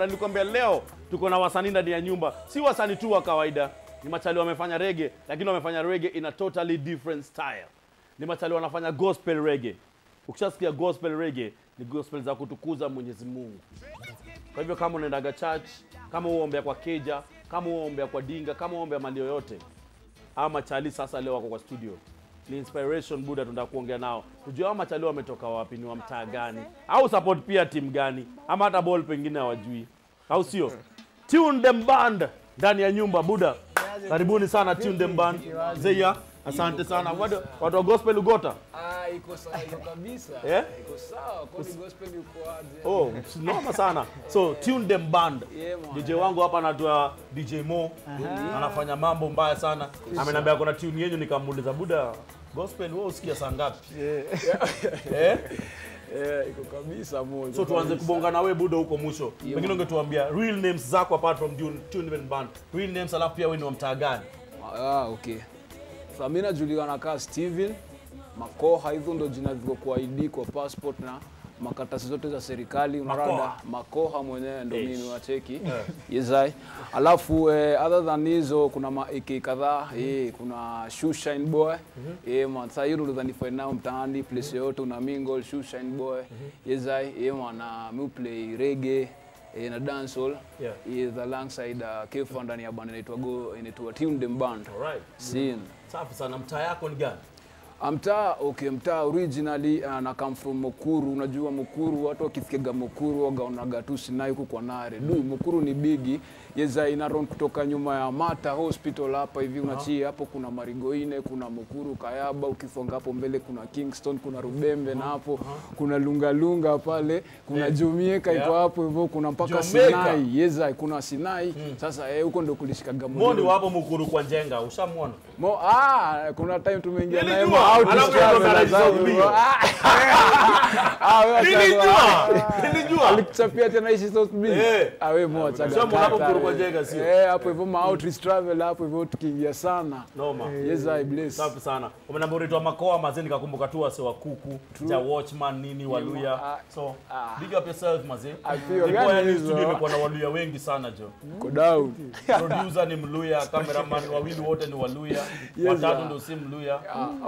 na nilikwambia leo tuko na wasanii ndani ya nyumba, si wasanii tu wa kawaida, ni machali wamefanya rege, lakini wamefanya rege in a totally different style. Ni machali wanafanya gospel rege. Ukishasikia gospel rege ni gospel za kutukuza Mwenyezi Mungu. Kwa hivyo kama unaendaga church, kama uombea kwa Keja, kama uombea kwa Dinga, kama uombea mali yoyote, ama chali sasa leo wako kwa studio ni Inspiration Buda, tunataka kuongea nao tujue hao machali wametoka wapi, ni wa mtaa gani, au support pia timu gani, ama hata ball pengine hawajui, au sio? Tune them band ndani ya nyumba Buda, karibuni sana Tune them band Zeya. Asante sana. Watu wa gospel ugota? Ah, iko eh? sawa kabisa. sawa. Kwa gospel yuko aje? Oh, noma sana. So tune them band. Yeah, DJ wangu hapa anatua DJ Mo. Anafanya mambo mbaya sana. Amenambia kuna tune yenyu nikamuuliza Buda Gospel wewe usikia saa ngapi? Eh? Yeah, iko kabisa moja. So tuanze kubonga na wewe budo huko mwisho. Pengine ungetuambia real names zako apart from Dune Tune Band. Real names alafu pia wewe ni wa mtaa gani? Ah, ah okay. So mimi najulikana kama Steven Makoha, hizo ndo jina zilizokuwa ID kwa passport na makatasi zote za serikali mrada makoha, mwenyewe ndo mimi wacheki yeah. yezai alafu eh, other than hizo kuna maiki kadhaa mm -hmm. eh, kuna shoe shine Boy mm -hmm. eh, man sasa hiyo ndo nifanye nao mtaani mhm. place mm -hmm. yote una mingle shoe shine Boy mm -hmm. yezai eh, man mimi play reggae eh, na dancehall yeah. eh, is alongside uh, k ndani ya band inaitwa go inaitwa Team Dem Band. right. mm -hmm. sin Safi sana. Mtaa yako ni gani? Mtaa okay, mtaa originally uh, na come from Mukuru. Unajua Mukuru, watu wakisikiaga Mukuru wagaonaga tu Sinai huku kwa Nare. Du, Mukuru ni bigi yeza ina run kutoka nyuma ya Mata Hospital hapa hivi unachii uh -huh. hapo, kuna Marigoine, kuna Mukuru, Kayaba, ukisonga hapo mbele kuna Kingston, kuna Rubembe uh -huh. na hapo uh -huh. kuna Lungalunga pale, kuna yeah. Jumieka iko yeah. hapo hivyo, kuna mpaka Jumeka. Sinai yeza, kuna Sinai hmm. Sasa huko eh, huko ndio kulishikaga Mukuru. Mwoni wapo Mukuru kwa Njenga, ushamwona Mo, ah, kuna time tumeingia naye Mo out ah. ah, nilijua ah. alikuchapia tena ishi South Beach Eh. Awe Mo acha kama unapokuruka jega sio eh hapo eh. hivyo mo out travel hapo hivyo tukiingia sana noma eh, yes I bless safi sana Kwa maana mbona unaitwa makoa mazeni kakumbuka tu wase wa kuku cha watchman nini waluya so big up yourself mazee ni studio imekuwa na waluya wengi sana jo kodau producer ni mluya cameraman wawili wote ni waluya yes, watatu ndio si Mluya,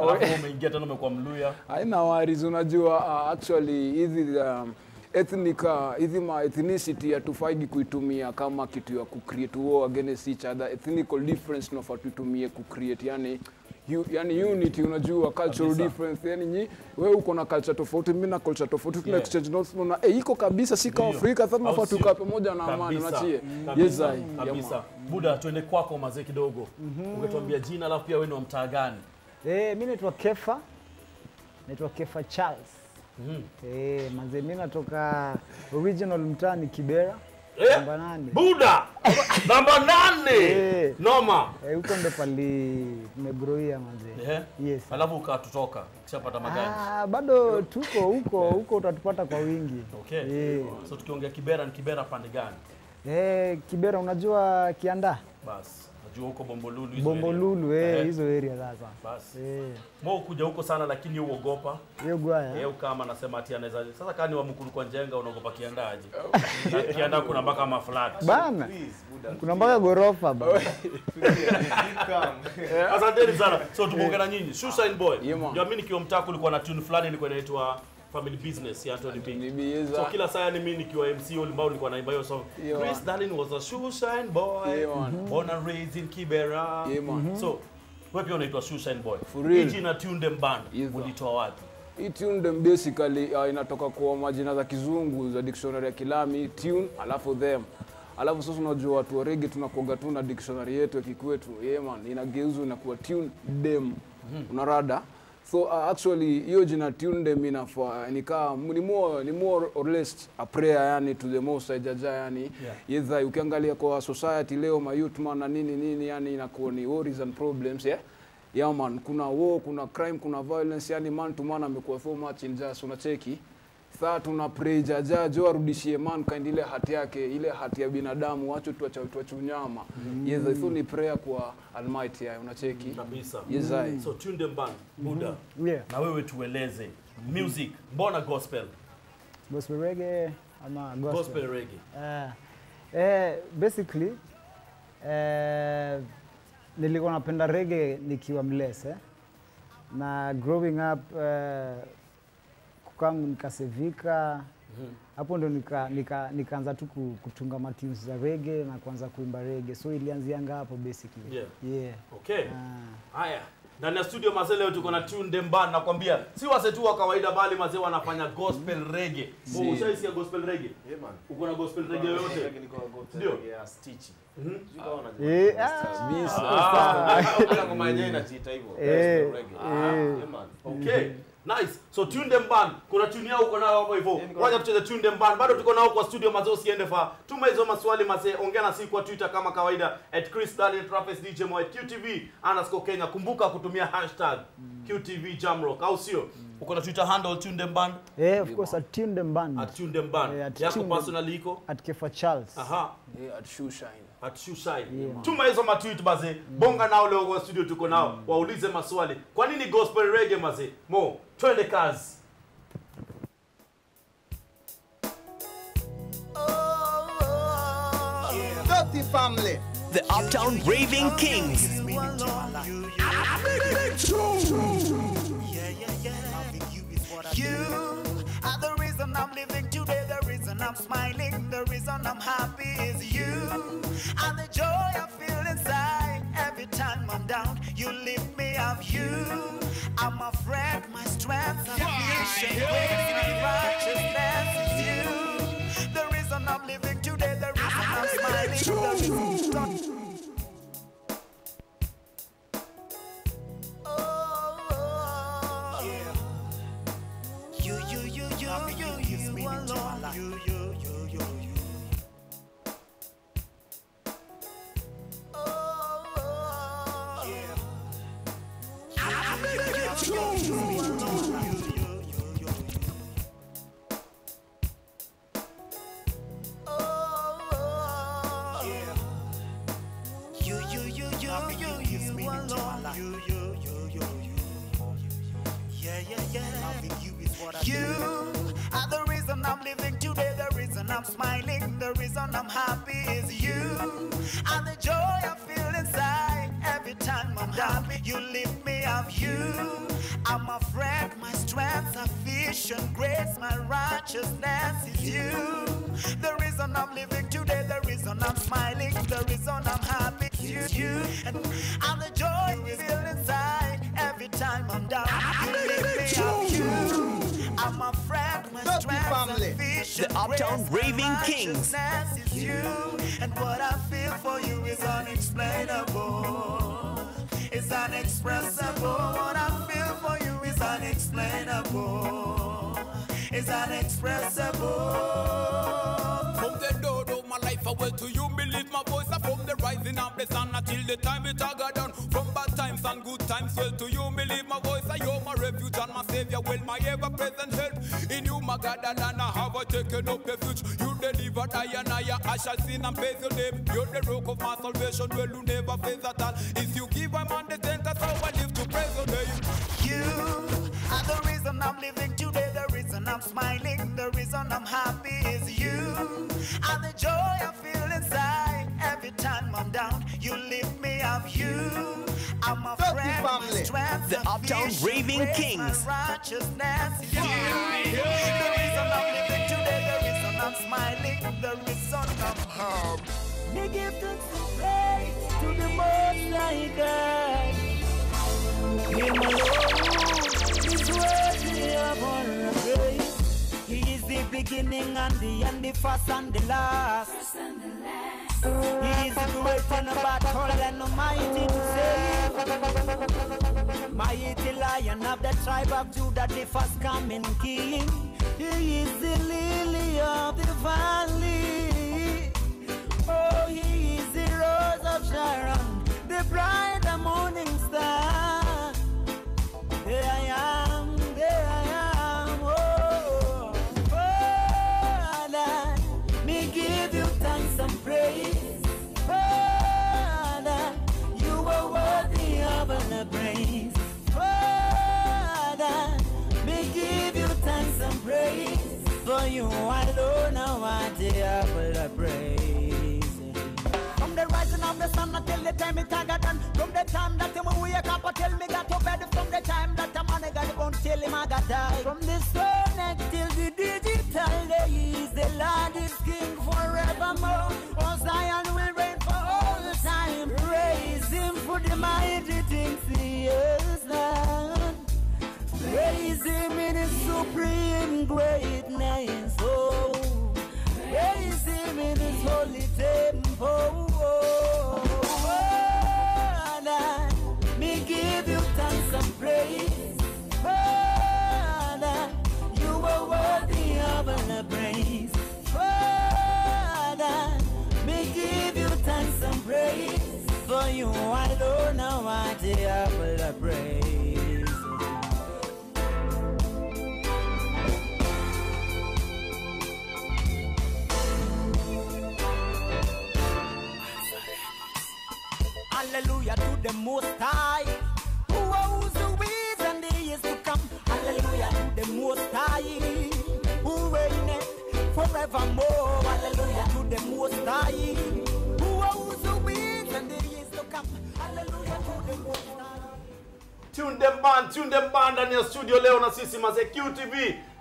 alafu umeingia tena umekuwa Mluya. Haina worries, unajua uh, actually hizi um, ethnic uh, hizi uh, ma ethnicity hatufaidi kuitumia kama kitu ya kucreate war against each other. Ethnical difference tunafaa tuitumie kucreate yani yani unity unajua cultural kabisa. difference yani nyi wewe uko na culture tofauti mimi na culture tofauti tuna yeah. exchange notes na eh, iko kabisa si kwa Afrika sasa tunafaa tukae pamoja na amani unachie mm. yes kabisa. Buda tuende kwako mazee kidogo mm -hmm. ungetuambia jina alafu pia wewe ni wa mtaa gani eh mimi naitwa Kefa naitwa Kefa Charles mm -hmm. eh mazee mimi natoka original mtaa ni Kibera Eh? Buda. Namba nane. Eh. Noma. Eh, huko ndo pali tumebroia manze. Eh? Yes. Alafu ukatutoka. Kishapata magari. Ah, bado tuko huko, huko utatupata kwa wingi. Okay. So tukiongea Kibera ni Kibera pande gani? Eh, Kibera unajua Kianda? Basi juu huko Bombolulu hizo Bombolulu eh, eh hizo area sasa. Basi. Eh. mbona kuja huko sana lakini uogopa. Yeye gwaya. Yeye eh? eh, kama anasema ati anaweza. Sasa kani wa mkuru kwa njenga unaogopa kiandaje? kianda kuna mpaka ma flat. Bana. Kuna mpaka gorofa bana. asante sana. So tumeongea na nyinyi. Shoeshine ah. Boy. Ndio mimi nikiwa mtaku ulikuwa na tune fulani ilikuwa inaitwa family business ya Tony B. So kila saa ni mimi nikiwa MC Olimbao nilikuwa naimba hiyo song. Chris Darling was a shoeshine boy, mhm. born and raised in Kibera. Yeah, man. Mhm. So wewe pia unaitwa shoeshine boy. Hii na them Band ulitoa wapi? Hii tune them basically uh, inatoka kwa majina za kizungu za dictionary ya Kilami tune alafu them alafu sasa unajua watu wa reggae tunakuaga tu na dictionary yetu ya kikwetu yeah man inageuzwa inakuwa tune them mm -hmm. unarada So uh, actually hiyo jina tunde mimi nafaa nika ni more, ni more or less a prayer yani to the most jaja yani yeah. Either ukiangalia kwa society leo ma youth man na nini nini yani inakuwa ni worries and problems yeah. Yeah man, kuna war, kuna crime, kuna violence yani man to man amekuwa so much in just unacheki saa tuna pray jaja jo arudishie man kind ile hati yake ile hati ya binadamu wacho tuacha tuacha unyama mm. yes so ni prayer kwa almighty ya unacheki kabisa yes mm. so tunde mban muda mm -hmm. yeah. na wewe tueleze music mm-hmm. mbona gospel gospel reggae ama gospel, gospel reggae Eh. uh, eh, basically eh, uh, nilikuwa napenda reggae nikiwa mlese na growing up eh, kwangu nikasevika mhm. hapo ndo nikaanza nika, nika tu kutunga matunes za rege na kuanza kuimba rege, so ilianzianga hapo basically. Yeah. Yeah. Okay. Ah. Haya, ndani ya studio mazee, leo tuko na tune demba, nakwambia si wase tu wa kawaida, bali mazee wanafanya gospel mm. Oh, Si. Ushaisikia gospel reggae? Yeah, man. Uko na gospel rege yoyote? Ndio. Ya stitch. Mhm. Eh, ah. mimi ah. sasa. Kama yenyewe inajiita hivyo. Eh. Gospel reggae. Eh. Yeah, man. Okay. Mm-hmm. Nice. So Tune Them Band. Kuna tune yao uko nayo hapo hivyo. Wacha tucheze Tune Them Band. Bado tuko nao kwa studio mazo siende fa. Tuma hizo maswali mazee. Ongea na sisi kwa Twitter kama kawaida at Chris Daniel Travis DJ Mo at QTV underscore Kenya. Kumbuka kutumia hashtag mm. QTV Jamrock au sio? Mm. Uko na Twitter handle Tune Them Band? Eh, yeah, of course at Tune Them Band. At Tune Them Band. Eh, Yako personal iko? At Kefa Charles. Aha. Yeah, at Shoeshine hatushusai yeah. Tuma hizo matweet baze mm. Bonga nao leo kwa studio tuko nao mm. Waulize maswali, kwa nini gospel reggae maze? Mo, twende kazi. The The Uptown Raving Kings. You are the reason I'm living today. I'm smiling, the reason I'm happy is you. And the joy I feel inside every time I'm down, you lift me up, you. I'm a friend, my strength, my am patient, righteousness is you. The reason I'm living today, the reason I'm, smiling, Uptown Raving Kings. You, and what I feel for you is unexplainable. It's unexpressible. What I feel for you is unexplainable. It's unexpressible well to you. me lift my voice up from the rising of the sun until the time it all got done. From bad times and good times, well to you. me lift my voice, I you my refuge and my savior. Well, my ever present help in you, my God, and I have I taken up refuge. You deliver I and I, I shall sing and praise your name. You're the rock of my salvation, well, you never fail at all. If you give a man the tenth, that's how I live to praise your name. You are the reason I'm living today. The reason I'm smiling, the reason I'm happy is you. And the joy I feel inside every time I'm down, you lift me up, you. I'm a friend, family. Strength, the uptown raving kings. Righteousness you. The reason I'm living today, the reason I'm smiling, the reason I'm happy. Me give praise to the Most God. He is the beginning and the end, the first and the last. He is great in the battle and mighty to save. Mighty lion of the tribe of Judah, the first coming king. He is the lily of the valley. Oh, he is the rose of Sharon, the bright morning star. praising. From the rising of the sun until the time it I got done. From the time that him wake up until me got to bed. From the time that a man got born till him I got die. From the sun till the digital days, the Lord is King forevermore. Oh Zion will reign for all time. Praise Him for the mighty things He has done. Praise Him in His supreme greatness in His holy temple. And I give you thanks and praise. And I, you are worthy of all praise. And I give you thanks and praise. For you know what I do all praise. the Most High, who owes the ways and the years to come. Hallelujah the Most High, who reigneth forevermore. Hallelujah to the Most High, who owns the ways and the years to come. Hallelujah to the Most High. Tune them band, tune them band ndani your studio Leona Sissima, sisi Mazekq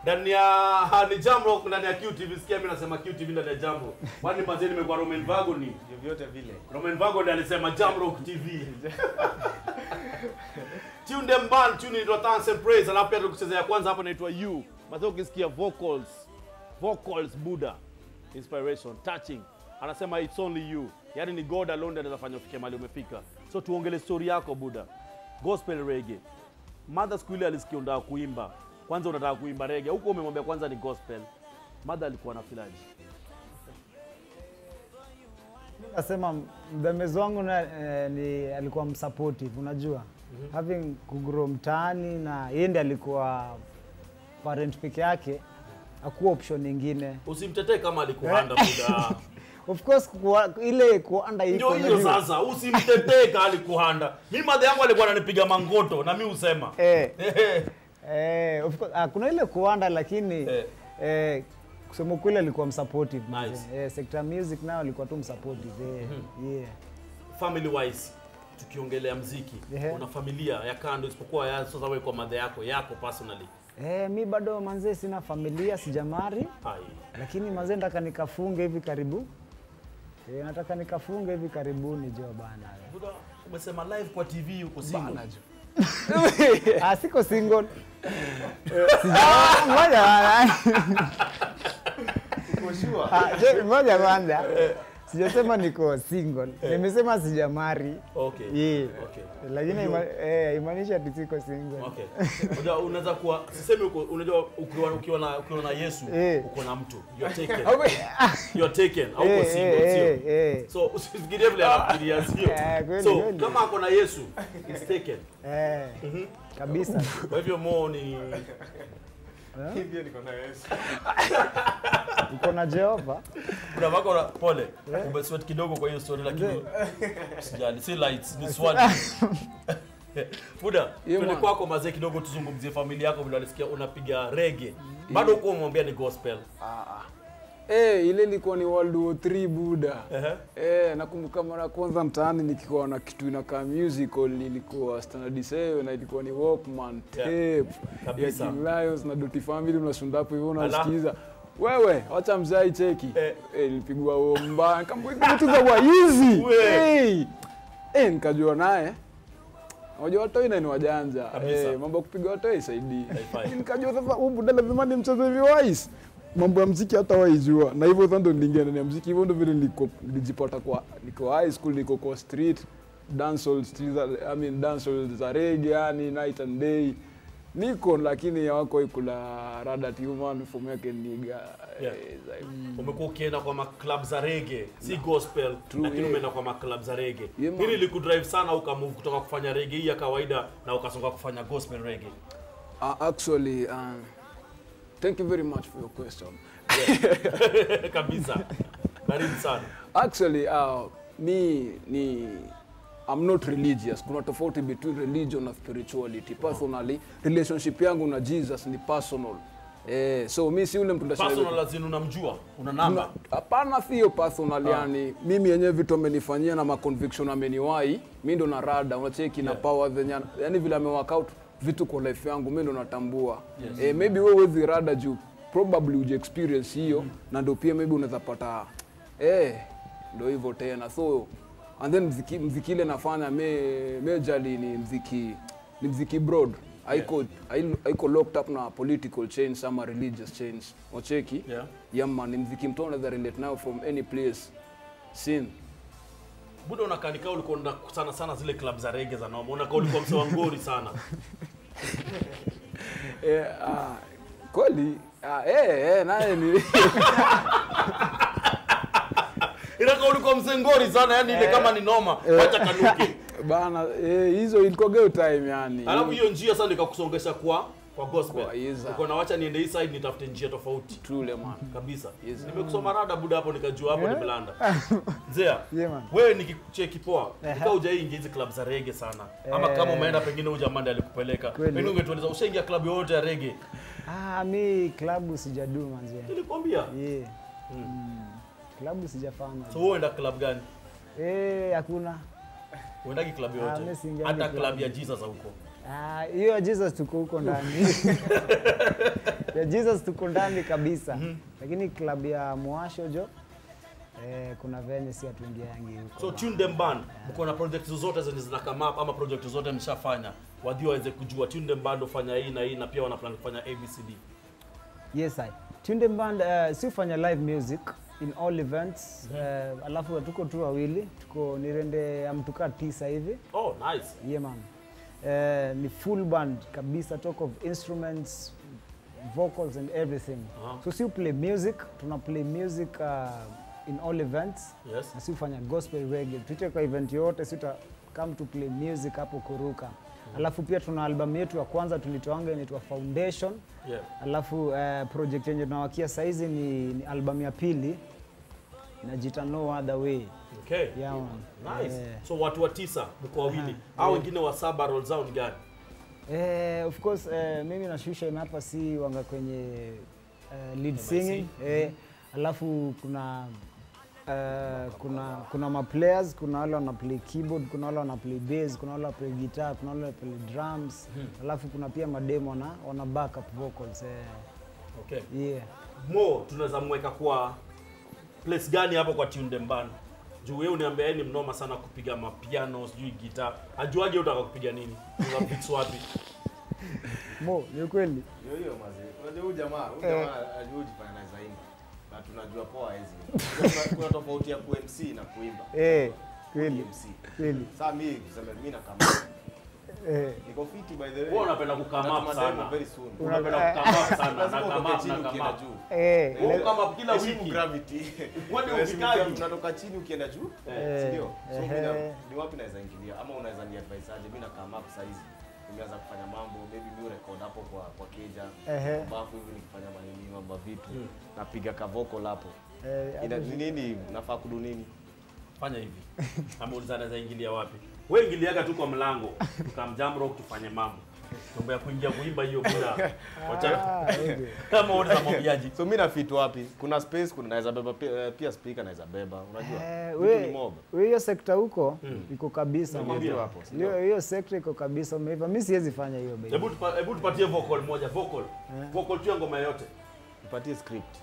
ndani ya ni Jamrock ndani ya QTV. Sikia mimi nasema QTV ndani ya Jamrock, kwani mazee nimekuwa Roman Vago ni vyovyote vile. Roman Vago Vagoni alisema Jamrock TV tune them band tune inaitwa Dance and Praise, alafu pia tukuchezea ya kwanza hapa inaitwa You. Mazee ukisikia vocals vocals Buddha inspiration touching, anasema it's only you, yani ni God alone ndiye anafanya ufike mahali umefika. So tuongele story yako Buddha, gospel reggae. Mother school ile alisikia unataka kuimba kwanza unataka kuimba rege huko, umemwambia kwanza ni gospel. Madha alikuwa na filaji nasema mdamezi wangu na, eh, ni alikuwa msupportive unajua mm -hmm. having kugrow mtaani na yeye ndiye alikuwa parent peke yake akuwa option nyingine usimtetee kama alikuanda eh? muda of course kwa, ile kuanda iko ndio hiyo sasa usimtetee kama alikuanda mimi madhe yangu alikuwa ananipiga mangoto na mimi usema eh, eh, eh. Eh, of course, ah, kuna ile kuanda lakini eh. Eh, kusema kweli alikuwa msupportive nice. Eh, sector music nao alikuwa tu msupportive eh. Mm -hmm. Yeah. Family wise tukiongelea mziki yeah. Una familia ya kando isipokuwa ya sasa wewe kwa madhe yako yako personally Eh, mi bado manzee sina familia sijamari. Hai. Lakini manzee nataka nikafunge hivi karibu. E, nataka nikafunge hivi karibuni jo bana. Umesema live kwa TV uko single. Bana jo. Ah, ah, siko single ah, ngoja kwanza eh sijasema niko single eh. nimesema sijamari okay. yeah. okay. lakini ima, eh, imaanisha ati siko single okay. unajua unaweza kuwa sisemi uko unajua ukiwa ukiwa na ukiwa na Yesu eh. uko na mtu you're taken you're taken au uko eh, single eh, sio eh. so usifikirie vile anafikiria sio eh, so kama uko na Yesu it's taken eh. mm -hmm. kabisa kwa hivyo mo ni Eh? Hivyo niko na Yesu. Uko na Jehova? Kuna wako na pole. Eh? Umesweat kidogo kwa hiyo story lakini eh. sijali. Si lights, ni swali. Buda, twende kwako mazee kidogo tuzungumzie familia yako vile walisikia unapiga rege. Bado mm. uko umwambia ni gospel. Ah ah. Hey, eh, ile ilikuwa ni World War 3 buda. Uh -huh. Hey, nakumbuka mara kwanza mtaani nikikuwa na kitu inakaa musical ilikuwa Standard Seven na ilikuwa ni Walkman tape ya King Lions na Dotty Family mnasunda hapo hivyo unasikiza wewe wacha mzai cheki eh. Hey, eh, nilipigwa huo mbaya nikamwambia vitu za waizi hey. hey, eh, nikajua naye Unajua watoi na ni wajanja. Hey, mambo ya kupiga watoi isaidii. Nikajua sasa huu buda lazima nimcheze viwais mambo ya mziki hata waijua, na hivyo ndo niliingia ndani ya mziki, hivyo ndo vile nilijipata kwa niko high school, niko kwa street dancehall, street, I mean dancehall za reggae, yani night and day niko lakini hawako ikula rada human form yake niga. Yeah. Eh, mm. Mm. Umekuwa ukienda kwa maklub za reggae, si no. gospel lakini umeenda kwa maklub za reggae. Yeah, Hili likudrive sana ukamove kutoka kufanya reggae ya kawaida na ukasonga kufanya gospel reggae? Uh, actually uh, Thank you very much for your question. Kabisa. Karibu sana. Actually, uh, me ni I'm not religious. Kuna tofauti between religion na spirituality. Personally, relationship yangu na Jesus ni personal. Eh, so mi si ule mtu personal lazima unamjua, una namba. Hapana, sio personal ah. Yani mimi yenyewe vitu amenifanyia na ma conviction ameniwahi, mimi ndo na rada unacheki yeah. na power zenye yani vile ame vitu kwa life yangu mimi ndo natambua. Yes. Eh, maybe wewe huwezi rada juu probably uje experience hiyo mm. na ndio pia maybe unaweza pata eh ndio hivyo tena. So and then mziki, mziki ile nafanya me majorly ni mziki ni mziki broad haiko yeah. locked up na political change ama religious change ocheki yeah. yama ni mziki mtu anaweza relate nayo from any place sin buda unakanika nikao ulikuwa sana sana zile club za rege za noma unakaa ulikuwa ngori sana e, ah, kweli ah, eh, eh naye ni Ilaka ulikuwa msengori sana yani ile eh, kama ni noma wacha kanuke bana. hizo ilikuwa go time yani. Alafu hiyo njia sasa nikakusongesha kwa kwa gospel yes, uko nawacha niende hii side nitafute njia tofauti true man kabisa yes, nimekusoma rada buda hapo nikajua hapo eh? yeah. nimelanda zea yeah, wewe nikicheki poa uh ikawa hujaingia hizi club za rege sana eh. ama kama umeenda pengine uja jamani alikupeleka mimi ungetueleza ushaingia club yote ya rege ah mimi club sijadu manzi nilikwambia yeah. mm. mm. klabu sijafahamu. so wewe unaenda club gani eh hakuna uendagi club ah, yote? hata club ya Jesus huko Ah, hiyo uh, Jesus tuko huko ndani ya Jesus tuko ndani kabisa mm -hmm. lakini klabu ya Mwasho jo Eh, kuna venye si atuingiangi huko. So tune them band. Yeah. Mko na project zote zenye zina come up ama project zote mshafanya. Wadhi waweze kujua tune them band ufanya hii na hii na pia wana plan kufanya ABCD. Yes I. Tune them band uh, eh, si ufanya live music in all events. Mm -hmm. Uh, alafu tuko tu wawili, tuko nirende amtuka tisa hivi. Oh nice. Yeah man eh, ni full band kabisa, talk of instruments, vocals and everything. Uh -huh. So si play music, tuna play music uh, in all events. Yes. Na si ufanya gospel reggae. Tuite kwa event yote si come to play music hapo Kuruka. Mhm. Alafu pia tuna albamu yetu ya kwanza tulitoanga inaitwa Foundation. Yeah. Alafu uh, project yenye tunawakia saizi ni, ni albamu ya pili najita no other way. Okay. Yeah, man. Nice. Yeah. So watu wa tisa mko wawili. Hao wengine wa saba roles zao ni gani? Eh, of course eh, mimi nashusha hapa si wanga kwenye eh, lead singing. Eh, mm -hmm. Alafu kuna Uh, kuna kuna players kuna wale wana play keyboard, kuna wale wana play bass, kuna wale play guitar, kuna wale play drums. Hmm. Alafu kuna pia mademo na wana backup vocals. Eh. Okay. Yeah. Mo tunaweza mweka kwa place gani hapo kwa Tune Dembana? Juu wewe uniambia yaani ni mnoma sana kupiga mapiano, sijui gitaa. Ajuaje utaka kupiga nini? Una beats wapi? Mo, ni kweli. Hiyo hiyo mazee. Unajua huyu jamaa, huyu eh. jamaa alijifanya zaidi. Na tunajua poa hizi. Kuna tofauti ya ku MC na kuimba. Eh, kweli. MC Kweli. Sasa mimi kusema mimi na kama Eh. Niko chini ukienda juu. Eh. Eh, eh, wapi naweza ama unaweza ni advice aje mimi kufanya mambo maybe mimi record hapo kwa kwa keja bafu hivi nikifanya manini mambo vitu hmm. napiga kavoko hapo eh, nini nafaa kudu nini fanya hivi ama unaweza ingilia wapi wewe ingiliaga tu kwa mlango tukamjamro tufanye mambo tumbe ya kuingia kuimba hiyo muda wacha ah, kama wote za mwabiaji so mimi na wapi kuna space kuna naweza beba pia, eh, pia speaker naweza beba unajua eh, wewe hiyo sekta huko hmm. iko kabisa hapo hiyo sekta iko kabisa umeiva mimi siwezi fanya hiyo baby hebu hebu tupatie vocal moja vocal eh. vocal tu ngoma yote tupatie script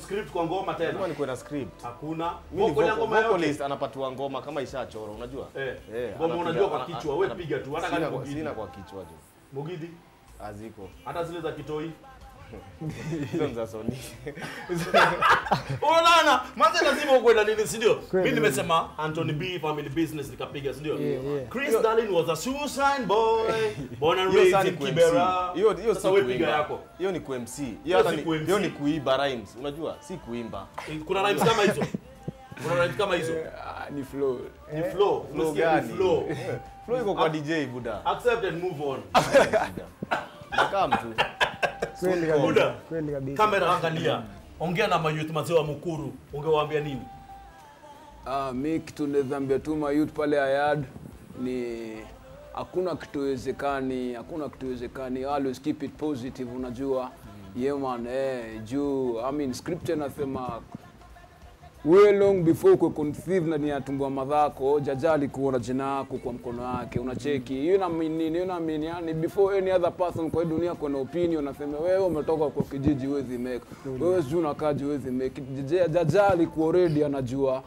script kwa ngoma tena. script. Hakuna. ngoma yote. anapatiwa ngoma kama ishachoro, unajua? Eh. eh ngoma unajua kwa kichwa, wewe piga tu hata kama kwa kichwa tu. Mugidi? Hata zile za kitoi. Hizo za Unaona? Mwanzo lazima ukwenda nini, si ndio? nimesema Anthony B family business nikapiga, si Chris Darling was a suicide boy. Born and raised in Kibera. Hiyo si kuimba yako. Hiyo ni QMC. Hiyo ni hiyo rhymes. Unajua? Si kuimba. Eh, kuna rhymes kama hizo. Kuna rhymes kama hizo. Eh, ah, ni flow. Ni eh, flow. Flow gani? Flow iko kwa DJ Buda. Accept and move on. Nakaa mtu. Buda, kamera angalia, ongea na mayouth mazee wa Mukuru, ungewaambia nini? Uh, mi kitu nezambia tu mayouth pale Ayad ni hakuna kitu wezekani, hakuna kitu wezekani, always keep it positive, unajua mm. Yeah man, eh, juu I mean scripture nasema wewe long before uko conceive ndani ya tumbo ya madhako jajali kuona jina yako kwa mkono wake unacheki hiyo na nini hiyo na mini yani before any other person kwa hii dunia kuna opinion unasema wewe umetoka kwa kijiji wezi make wewe sijui unakaje wezi make jajali, jaja alikuwa already anajua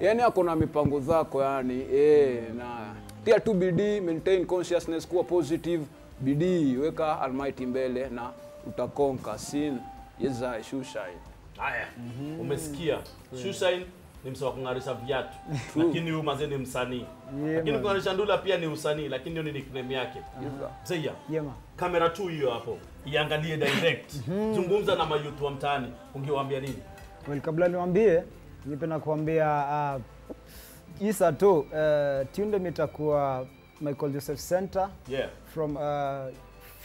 yani ako na mipango zako yani eh na tia tu bidii maintain consciousness kuwa positive bidii weka almighty mbele na utakonka sin yezae shushai haya mm -hmm. umesikia yeah. Shushain ni wa kung'arisha viatu lakini huyu mazee ni msanii yeah, lakini kung'arisha ndula pia ni usanii lakini hiyo ni nickname yake mzeya yeah, kamera tu hiyo hapo iangalie direct mhm. zungumza na mayuth wa mtaani ungewaambia nini well kabla niwaambie nipenda kuambia uh, isa tu uh, tunde mitakuwa Michael Joseph Center yeah. from uh,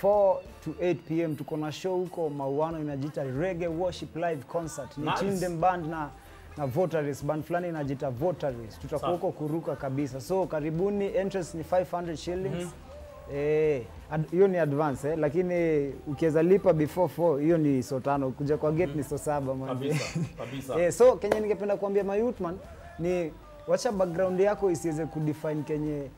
4 to 8 pm tuko na show huko Mauano inajita Reggae Worship Live Concert. Ni nice. Band na na Votaries band fulani inajita Votaries. Tutakuwa huko kuruka kabisa. So karibuni, entrance ni 500 shillings. Mm -hmm. Eh, hiyo ni advance eh, lakini ukiweza lipa before 4 hiyo ni so tano, kuja kwa gate mm. ni so mhm. saba Kabisa, kabisa. eh, so kenye ningependa kuambia my ni wacha background yako isiweze kudefine kenye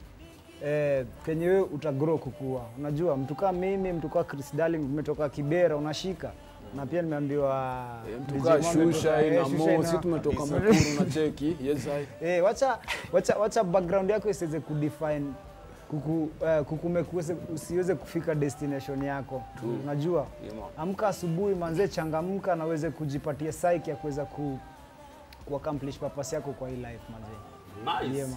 eh, penye wewe utagrow kukua. Unajua mtu kama mimi, mtu kama Chris Darling, umetoka Kibera unashika na pia nimeambiwa eh, mtukaa shusha ina eh, mo, si tumetoka Mkuru na cheki yes I. Eh, wacha wacha wacha background yako isiweze ku define kuku, uh, eh, kukumekuweze usiweze kufika destination yako. True. Unajua? yeah, Amka asubuhi manze, changamka na uweze kujipatia psyche ya kuweza ku, ku accomplish purpose yako kwa hii life manze. Nice. Yeah,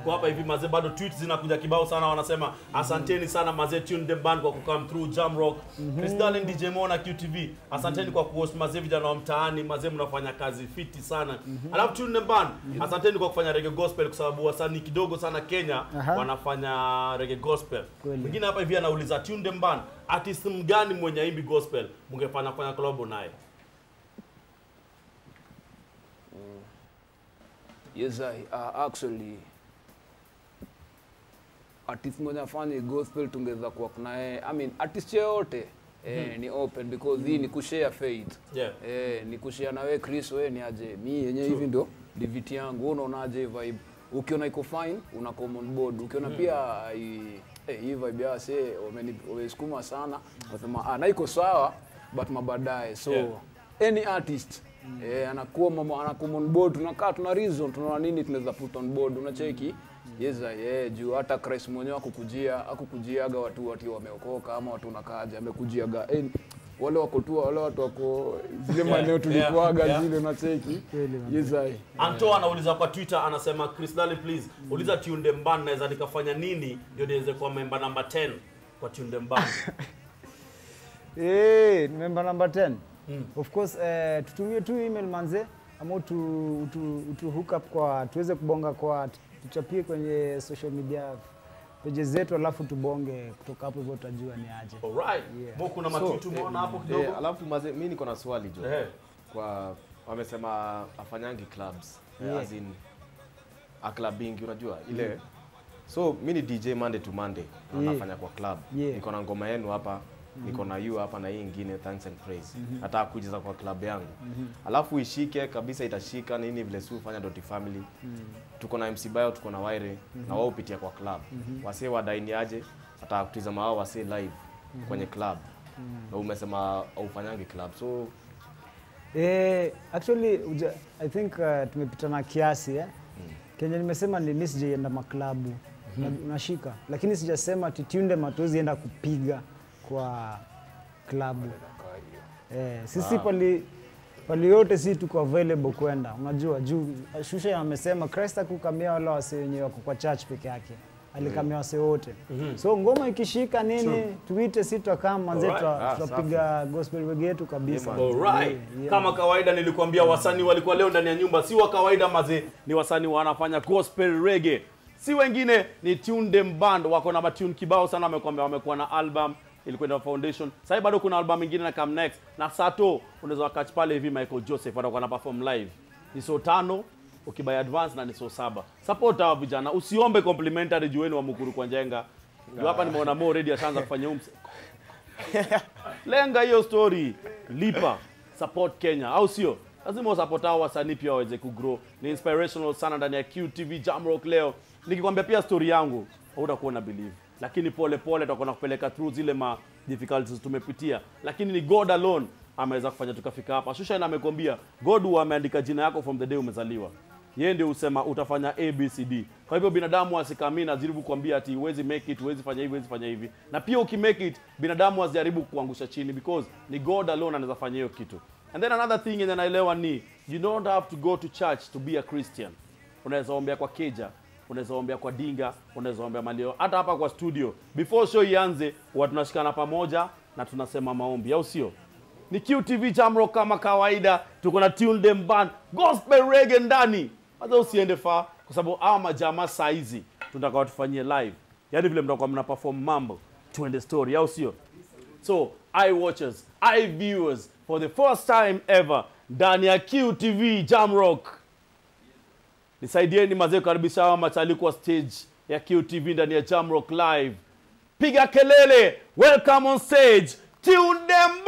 Mko hapa hivi mazee, bado tweets zinakuja kibao sana, wanasema asanteni sana mazee Tune the Band kwa kucome through Jamrock. Mm DJ Mona, QTV. Asanteni mm -hmm. kwa kuhost mazee, vijana wa mtaani mazee, mnafanya kazi fiti sana. Mm Alafu Tune the Band, mhm. asanteni kwa kufanya reggae gospel kwa sababu wasanii kidogo sana Kenya wanafanya reggae gospel. Mwingine hapa hivi anauliza Tune the Band, artist mgani mwenye imbi gospel mngefanya fanya collab naye? Yes, I uh, actually artist mmoja fani gospel tungeweza kuwork na I mean artist yeyote eh, hmm. ni open because hmm. hii ni kushare faith yeah. eh, ni kushare na we Chris, we ni aje, mi yenyewe hivi ndo diviti yangu, unaonaje vibe? Ukiona iko fine una common board, ukiona hmm. pia i, eh, hii vibe ya se wamesukuma sana, wasema ah, na iko sawa but mabadaye so yeah. any artist mm. e, anakuwa mama anakuwa on board, tunakaa tuna reason tunaona nini tunaweza put on board, unacheki mm. yes yeza eh, ye juu hata Christ mwenyewe akukujia akukujiaga watu watu wameokoka ama watu unakaaje, amekujiaga eh, wale wako tu wale watu wako zile maeneo tulikuaga yeah, yeah. zile unacheki yezai yeah. Anto anauliza kwa Twitter anasema Chris Dali please mm. uliza Tunde Mban naweza nikafanya nini ndio niweze kuwa member number 10 kwa Tunde Mban eh hey, member number 10 mm. of course uh, tutumie tu email manze ama utu, utu, utu hook up kwa tuweze kubonga kwa tuchapie kwenye social media peje zetu, alafu tubonge kutoka hapo, hivyo utajua ni aje. Alright. Yeah. so, hapo eh, kidogo. alafu maze, mi niko na swali jo. yeah. Kwa wamesema afanyangi clubs. Eh, yeah. As in a clubbing unajua ile. yeah. Mm. So mi ni DJ Monday to Monday yeah. anafanya kwa club. Yeah. Niko na ngoma yenu hapa mm -hmm. niko na hiyo hapa na hii ingine thanks and praise mm -hmm. nataka kucheza kwa klabu yangu mm -hmm. alafu ishike kabisa, itashika nini vile si ufanya Doti Family mm -hmm. tuko na MC tuko na Waire mm -hmm. na wao pitia kwa klabu mm -hmm. wasee wadaini aje, nataka kutizama wao wasee live mm -hmm. kwenye club mm -hmm. na umesema haufanyangi club so Eh, actually uja, I think uh, tumepitana kiasi eh? mm. Kenya nimesema ni mi sijaienda maklabu mm -hmm. nashika, lakini sijasema titiunde matuezi enda kupiga kwa klabu eh, sisi wow. pali pali yote si tuko available kwenda, unajua juu Shusha amesema Christ akukamia wala wase wenye wako kwa church peke yake alikamia wase wote mm -hmm. so ngoma ikishika nini sure. tuite si tutakaa manze tutapiga ah, gospel wege yetu kabisa All right. yeah. kama kawaida nilikuambia wasanii walikuwa leo ndani ya nyumba si wa kawaida maze ni wasanii wanafanya gospel reggae si wengine ni Tunde band wako na matune kibao sana wamekwambia wamekuwa na album ilikwenda Foundation. Sasa bado kuna album nyingine na Come Next na Sato, unaweza catch pale hivi Michael Joseph atakuwa na perform live. Ni so tano ukibaya advance na ni so saba. Support hawa vijana, usiombe complimentary jueni wa mkuru kwa Njenga. ndio hapa nimeona Mo ready ashaanza kufanya umse. Lenga hiyo story, lipa support Kenya, au sio? Lazima usupport hawa wasanii pia waweze kugrow. Ni inspirational sana ndani ya QTV Jamrock leo. Nikikwambia pia story yangu, utakuwa na believe lakini pole pole tutakuwa kupeleka through zile ma difficulties tumepitia, lakini ni God alone ameweza kufanya tukafika hapa. Shushan amekwambia God huwa ameandika jina yako from the day umezaliwa yeye ndio usema utafanya ABCD. Kwa hivyo binadamu asikamini na jaribu kuambia ati huwezi make it, huwezi fanya hivi, huwezi fanya hivi. Na pia ukimake it, binadamu asijaribu kuangusha chini because ni God alone anaweza fanya hiyo kitu. And then another thing yenye naelewa ni you don't have to go to church to be a Christian. Unaweza ombea kwa keja, unaweza ombea kwa Dinga, unaweza ombea Malio, hata hapa kwa studio. Before show ianze, huwa tunashikana pamoja na tunasema maombi, au sio? Ni QTV Chamro kama kawaida, tuko na Tune Band gospel reggae ndani. Hata usiende faa, kwa sababu hawa majamaa saa hizi tunataka watufanyie live, yaani vile mtakuwa mna perform mambo, tuende story, au sio? So I watchers, I viewers, for the first time ever ndani ya QTV Jamrock. Nisaidieni mazee kukaribisha hawa matalii kwa stage ya QTV ndani ya Jamrock Live. Piga kelele, welcome on stage, Tildemon!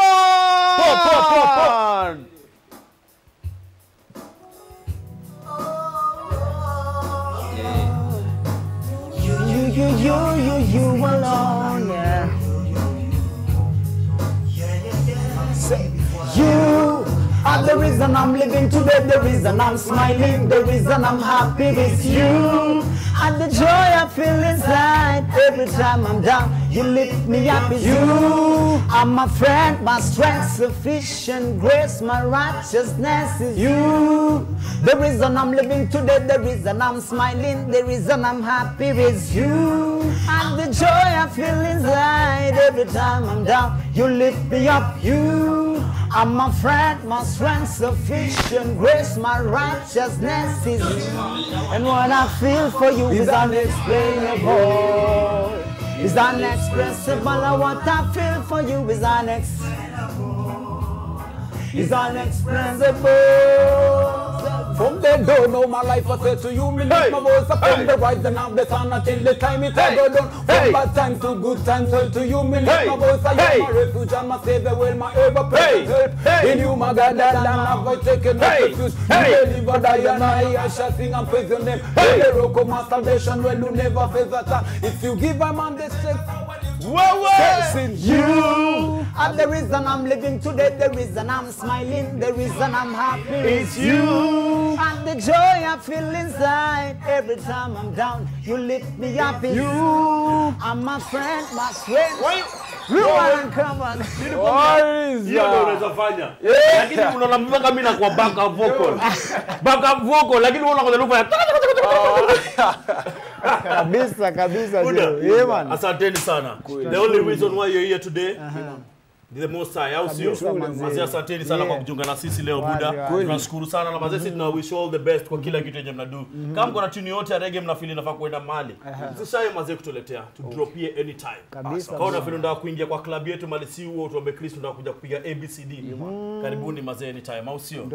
You, you, you, you. the reason I'm living today, the reason I'm smiling, the reason I'm happy is you. And the joy I feel inside every time I'm down, you lift me up, it's you. I'm my friend, my strength, sufficient grace, my righteousness is you. The reason I'm living today, the reason I'm smiling, the reason I'm happy is you. And the joy I feel inside every time I'm down, you lift me up, you. I'm a friend, my strength sufficient, grace, my righteousness is And what I feel for you is unexplainable, is unexpressible. what I feel for you is unexplainable, is unexpressible. From the don't my life, I said to you, me lift my voice up from the rise and of the sun until the time it hey. all go From hey. bad times to good times, so to you, me lift hey. my voice, I hey. am my refuge and my savior, where my ever present hey. help. Hey. In you, my God, and have I taken no hey. refuge. Hey. You deliver, die, and I, I shall sing and praise your name. Hey. The rock of my salvation, well, you never fail that. time, If you give a man the strength, well, well. in you. I'm the reason I'm living today, the reason I'm smiling, the reason I'm happy It's you. And the joy I feel inside every time I'm down, you lift me up. It's you. I'm my friend, my friend. lakini unaona mpaka mimi nakuwa backup vocal backup vocal lakini unaona kwenye lugha ya kabisa kabisa. Asanteni sana. The only reason why you're here today. Uh -huh the most high au sio? Mazee, asanteni sana yeah. kwa kujiunga na sisi leo buda. Tunashukuru sana na mazee, tuna wish all the best kwa kila kitu yenye mnadu. Mm -hmm. Kama kuna tuni yote ya reggae mnafili inafaa kuenda mali. Msishaye mazee kutuletea, tudropie okay. anytime. Kabisa. Kama unafili kuingia kwa klabu yetu si huo, tuombe Kristo unataka kuja kupiga ABCD. Mm -hmm. Karibuni mazee anytime au sio?